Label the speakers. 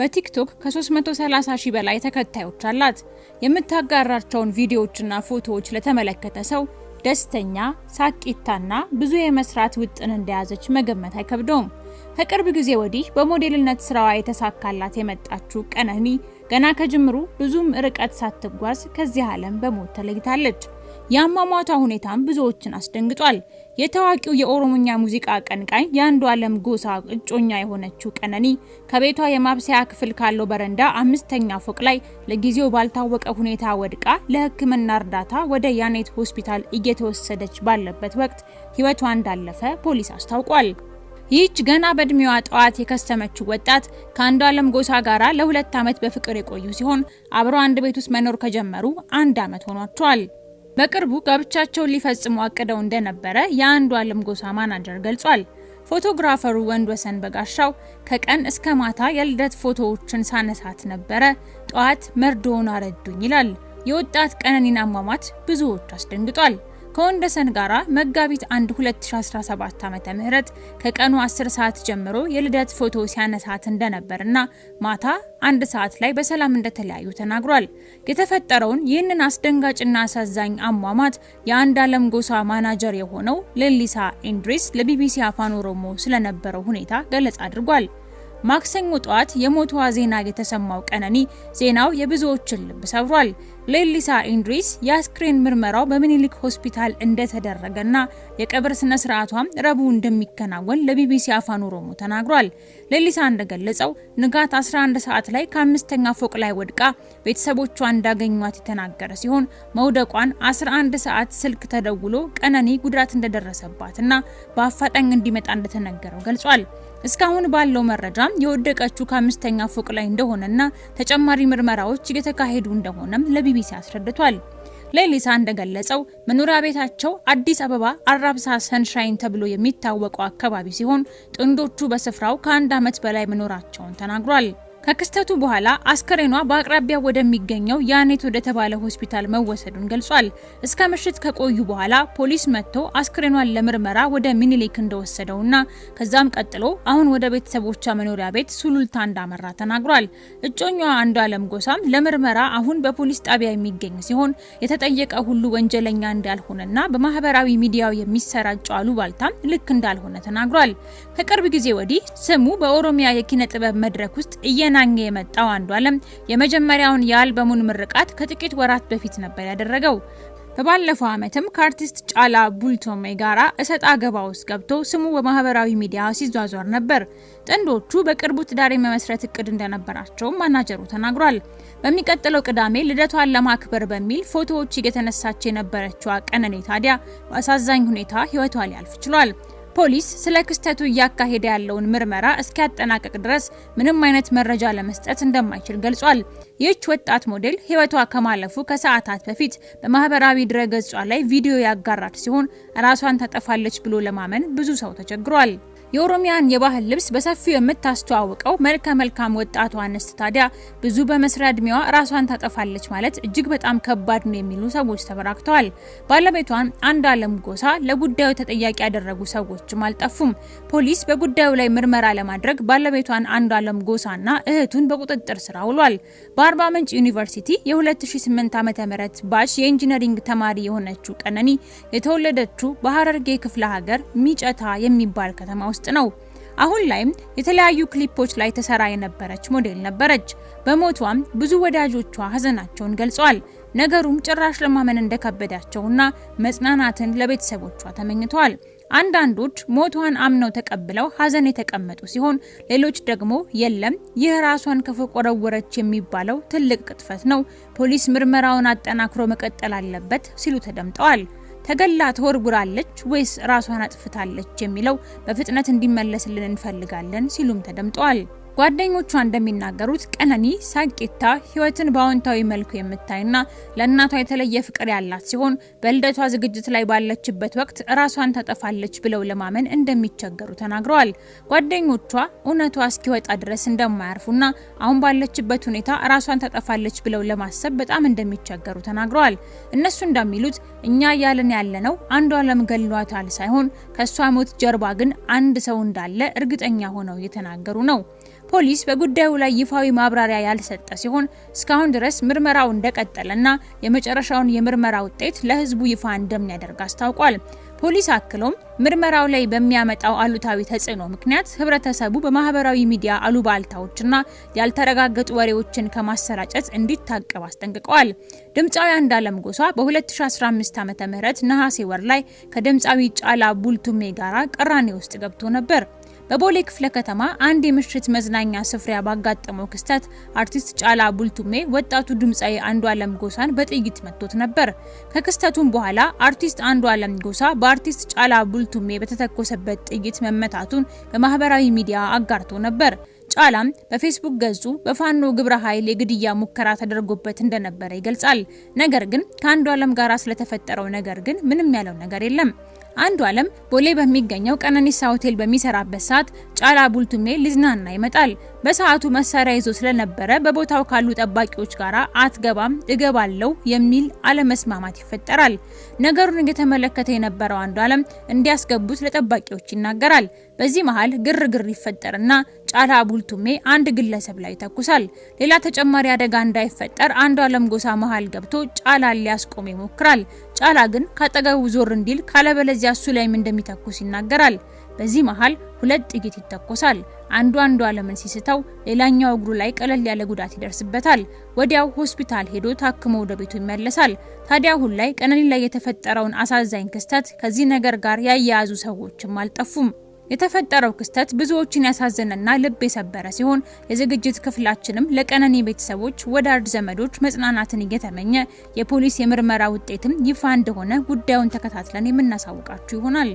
Speaker 1: በቲክቶክ ከ330 ሺህ በላይ ተከታዮች አላት። የምታጋራቸውን ቪዲዮዎችና ፎቶዎች ለተመለከተ ሰው ደስተኛ፣ ሳቂታና ብዙ የመስራት ውጥን እንደያዘች መገመት አይከብደውም። ከቅርብ ጊዜ ወዲህ በሞዴልነት ስራዋ የተሳካላት የመጣችው ቀነኒ ገና ከጅምሩ ብዙም ርቀት ሳትጓዝ ከዚህ ዓለም በሞት ተለይታለች። የአሟሟቷ ሁኔታም ብዙዎችን አስደንግጧል። የታዋቂው የኦሮሞኛ ሙዚቃ አቀንቃኝ የአንዱ ዓለም ጎሳ እጮኛ የሆነችው ቀነኒ ከቤቷ የማብሰያ ክፍል ካለው በረንዳ አምስተኛ ፎቅ ላይ ለጊዜው ባልታወቀ ሁኔታ ወድቃ ለሕክምና እርዳታ ወደ ያኔት ሆስፒታል እየተወሰደች ባለበት ወቅት ሕይወቷ እንዳለፈ ፖሊስ አስታውቋል። ይህች ገና በእድሜዋ ጠዋት የከሰመችው ወጣት ከአንዱ ዓለም ጎሳ ጋራ ለሁለት ዓመት በፍቅር የቆዩ ሲሆን አብረው አንድ ቤት ውስጥ መኖር ከጀመሩ አንድ ዓመት ሆኗቸዋል። በቅርቡ ጋብቻቸውን ሊፈጽሙ አቅደው እንደነበረ የአንዱ አለም ጎሳ ማናጀር ገልጿል። ፎቶግራፈሩ ወንድ ወሰን በጋሻው ከቀን እስከ ማታ የልደት ፎቶዎችን ሳነሳት ነበረ፣ ጠዋት መርዶውን አረዱኝ ይላል። የወጣት ቀነኒን አሟሟት ብዙዎች አስደንግጧል። ከወንደሰን ጋራ መጋቢት 1 2017 ዓ.ም ከቀኑ 10 ሰዓት ጀምሮ የልደት ፎቶ ሲያነሳት እንደነበርና ማታ አንድ ሰዓት ላይ በሰላም እንደተለያዩ ተናግሯል። የተፈጠረውን ይህንን አስደንጋጭና አሳዛኝ አሟሟት የአንድ አለም ጎሳ ማናጀር የሆነው ሌሊሳ ኢንድሪስ ለቢቢሲ አፋን ኦሮሞ ስለነበረው ሁኔታ ገለጽ አድርጓል። ማክሰኞ ጠዋት የሞቷ ዜና የተሰማው ቀነኒ ዜናው የብዙዎችን ልብ ሰብሯል። ሌሊሳ ኢንድሪስ የአስክሬን ምርመራው በምኒልክ ሆስፒታል እንደተደረገና የቀብር ስነ ስርዓቷም ረቡዕ እንደሚከናወን ለቢቢሲ አፋን ኦሮሞ ተናግሯል። ሌሊሳ እንደገለጸው ንጋት 11 ሰዓት ላይ ከአምስተኛ ፎቅ ላይ ወድቃ ቤተሰቦቿ እንዳገኟት የተናገረ ሲሆን መውደቋን 11 ሰዓት ስልክ ተደውሎ ቀነኒ ጉዳት እንደደረሰባትና በአፋጣኝ እንዲመጣ እንደተነገረው ገልጿል። እስካሁን ባለው መረጃም የወደቀችው ከአምስተኛ ፎቅ ላይ እንደሆነና ተጨማሪ ምርመራዎች እየተካሄዱ እንደሆነም ለቢቢሲ ለቢቢሲ አስረድቷል። ሌሊሳ እንደገለጸው መኖሪያ ቤታቸው አዲስ አበባ አራብሳ ሰንሻይን ተብሎ የሚታወቀው አካባቢ ሲሆን ጥንዶቹ በስፍራው ከአንድ ዓመት በላይ መኖራቸውን ተናግሯል። ከክስተቱ በኋላ አስከሬኗ በአቅራቢያ ወደሚገኘው ያኔት ወደተባለ ሆስፒታል መወሰዱን ገልጿል። እስከ ምሽት ከቆዩ በኋላ ፖሊስ መጥቶ አስከሬኗን ለምርመራ ወደ ሚኒሊክ እንደወሰደውና ከዛም ቀጥሎ አሁን ወደ ቤተሰቦቿ መኖሪያ ቤት ሱሉልታ እንዳመራ ተናግሯል። አንዱ አንዷለም ጎሳም ለምርመራ አሁን በፖሊስ ጣቢያ የሚገኝ ሲሆን የተጠየቀ ሁሉ ወንጀለኛ እንዳልሆነና በማህበራዊ ሚዲያው የሚሰራጩ አሉባልታም ልክ እንዳልሆነ ተናግሯል። ከቅርብ ጊዜ ወዲህ ስሙ በኦሮሚያ የኪነ ጥበብ መድረክ ውስጥ እየ። እየተገናኘ የመጣው አንዱ ዓለም የመጀመሪያውን የአልበሙን ምርቃት ከጥቂት ወራት በፊት ነበር ያደረገው። በባለፈው ዓመትም ከአርቲስት ጫላ ቡልቶሜ ጋራ እሰጥ አገባ ውስጥ ገብቶ ስሙ በማህበራዊ ሚዲያ ሲዟዟር ነበር። ጥንዶቹ በቅርቡ ትዳር የመመስረት እቅድ እንደነበራቸውም ማናጀሩ ተናግሯል። በሚቀጥለው ቅዳሜ ልደቷን ለማክበር በሚል ፎቶዎች እየተነሳች የነበረችው ቀነኔ ታዲያ በአሳዛኝ ሁኔታ ህይወቷ ሊያልፍ ችሏል። ፖሊስ ስለ ክስተቱ እያካሄደ ያለውን ምርመራ እስኪያጠናቀቅ ድረስ ምንም አይነት መረጃ ለመስጠት እንደማይችል ገልጿል። ይህች ወጣት ሞዴል ሕይወቷ ከማለፉ ከሰዓታት በፊት በማህበራዊ ድረገጿ ላይ ቪዲዮ ያጋራች ሲሆን ራሷን ታጠፋለች ብሎ ለማመን ብዙ ሰው ተቸግሯል። የኦሮሚያን የባህል ልብስ በሰፊው የምታስተዋውቀው መልከ መልካም ወጣቷ አንስት ታዲያ ብዙ በመስሪያ እድሜዋ ራሷን ታጠፋለች ማለት እጅግ በጣም ከባድ ነው የሚሉ ሰዎች ተበራክተዋል። ባለቤቷን አንድ አለም ጎሳ ለጉዳዩ ተጠያቂ ያደረጉ ሰዎችም አልጠፉም። ፖሊስ በጉዳዩ ላይ ምርመራ ለማድረግ ባለቤቷን አንድ አለም ጎሳና እህቱን በቁጥጥር ስር አውሏል። በአርባ ምንጭ ዩኒቨርሲቲ የ2008 ዓ.ም ባች የኢንጂነሪንግ ተማሪ የሆነችው ቀነኒ የተወለደችው በሀረርጌ ክፍለ ሀገር ሚጨታ የሚባል ከተማ ውስጥ ነው። አሁን ላይም የተለያዩ ክሊፖች ላይ ተሰራ የነበረች ሞዴል ነበረች። በሞቷም ብዙ ወዳጆቿ ሀዘናቸውን ገልጸዋል። ነገሩም ጭራሽ ለማመን እንደከበዳቸውና መጽናናትን ለቤተሰቦቿ ተመኝተዋል። አንዳንዶች ሞቷን አምነው ተቀብለው ሀዘን የተቀመጡ ሲሆን፣ ሌሎች ደግሞ የለም ይህ ራሷን ከፎቅ ወረወረች የሚባለው ትልቅ ቅጥፈት ነው፣ ፖሊስ ምርመራውን አጠናክሮ መቀጠል አለበት ሲሉ ተደምጠዋል። ተገላ ተወርውራለች ወይስ ራሷን አጥፍታለች የሚለው በፍጥነት እንዲመለስልን እንፈልጋለን ሲሉም ተደምጠዋል። ጓደኞቿ እንደሚናገሩት ቀነኒ ሳቂታ ህይወትን በአዎንታዊ መልኩ የምታይና ለእናቷ የተለየ ፍቅር ያላት ሲሆን በልደቷ ዝግጅት ላይ ባለችበት ወቅት እራሷን ተጠፋለች ብለው ለማመን እንደሚቸገሩ ተናግረዋል። ጓደኞቿ እውነቷ እስኪወጣ ድረስ እንደማያርፉና አሁን ባለችበት ሁኔታ እራሷን ተጠፋለች ብለው ለማሰብ በጣም እንደሚቸገሩ ተናግረዋል። እነሱ እንደሚሉት እኛ እያልን ያለነው አንዷለም ገድሏታል ሳይሆን ከእሷ ሞት ጀርባ ግን አንድ ሰው እንዳለ እርግጠኛ ሆነው እየተናገሩ ነው። ፖሊስ በጉዳዩ ላይ ይፋዊ ማብራሪያ ያልሰጠ ሲሆን እስካሁን ድረስ ምርመራው እንደቀጠለና የመጨረሻውን የምርመራ ውጤት ለህዝቡ ይፋ እንደሚያደርግ አስታውቋል። ፖሊስ አክሎም ምርመራው ላይ በሚያመጣው አሉታዊ ተጽዕኖ ምክንያት ህብረተሰቡ በማህበራዊ ሚዲያ አሉባልታዎችና ያልተረጋገጡ ወሬዎችን ከማሰራጨት እንዲታቀብ አስጠንቅቀዋል። ድምፃዊ አንዷለም ጎሳ በ2015 ዓ.ም ነሐሴ ወር ላይ ከድምፃዊ ጫላ ቡልቱሜ ጋራ ቅራኔ ውስጥ ገብቶ ነበር። በቦሌ ክፍለ ከተማ አንድ የምሽት መዝናኛ ስፍራ ባጋጠመው ክስተት አርቲስት ጫላ ቡልቱሜ ወጣቱ ድምፃዊ አለም ጎሳን በጥይት መጥቶት ነበር። ከክስተቱም በኋላ አርቲስት አንዱ አለም ጎሳ በአርቲስት ጫላ ቡልቱሜ በተተኮሰበት ጥይት መመታቱን በማህበራዊ ሚዲያ አጋርቶ ነበር። ጫላም በፌስቡክ ገጹ በፋኖ ግብረ ኃይል የግድያ ሙከራ ተደርጎበት እንደነበረ ይገልጻል። ነገር ግን አለም ጋር ስለተፈጠረው ነገር ግን ምንም ያለው ነገር የለም። አንዱ አለም ቦሌ በሚገኘው ቀነኒሳ ሆቴል በሚሰራበት ሰዓት ጫላ ቡልቱሜ ሊዝናና ይመጣል። በሰዓቱ መሳሪያ ይዞ ስለነበረ በቦታው ካሉ ጠባቂዎች ጋር አትገባም እገባለው የሚል አለመስማማት ይፈጠራል። ነገሩን እየተመለከተ የነበረው አንዱ አለም እንዲያስገቡት ለጠባቂዎች ይናገራል። በዚህ መሀል ግርግር ይፈጠርና ጫላ ቡልቱሜ አንድ ግለሰብ ላይ ይተኩሳል። ሌላ ተጨማሪ አደጋ እንዳይፈጠር አንዱ አለም ጎሳ መሀል ገብቶ ጫላን ሊያስቆም ይሞክራል። ጫላ ግን ካጠገቡ ዞር እንዲል ካለበለዚያ እሱ ላይም እንደሚተኩስ ይናገራል። በዚህ መሀል ሁለት ጥይት ይተኮሳል። አንዱ አንዱ አለምን ሲስተው፣ ሌላኛው እግሩ ላይ ቀለል ያለ ጉዳት ይደርስበታል። ወዲያው ሆስፒታል ሄዶ ታክሞ ወደ ቤቱ ይመለሳል። ታዲያ አሁን ላይ ቀነኒ ላይ የተፈጠረውን አሳዛኝ ክስተት ከዚህ ነገር ጋር ያያያዙ ሰዎችም አልጠፉም። የተፈጠረው ክስተት ብዙዎችን ያሳዘነና ልብ የሰበረ ሲሆን የዝግጅት ክፍላችንም ለቀነኒ ቤተሰቦች፣ ወዳጅ ዘመዶች መጽናናትን እየተመኘ የፖሊስ የምርመራ ውጤትም ይፋ እንደሆነ ጉዳዩን ተከታትለን የምናሳውቃችሁ ይሆናል።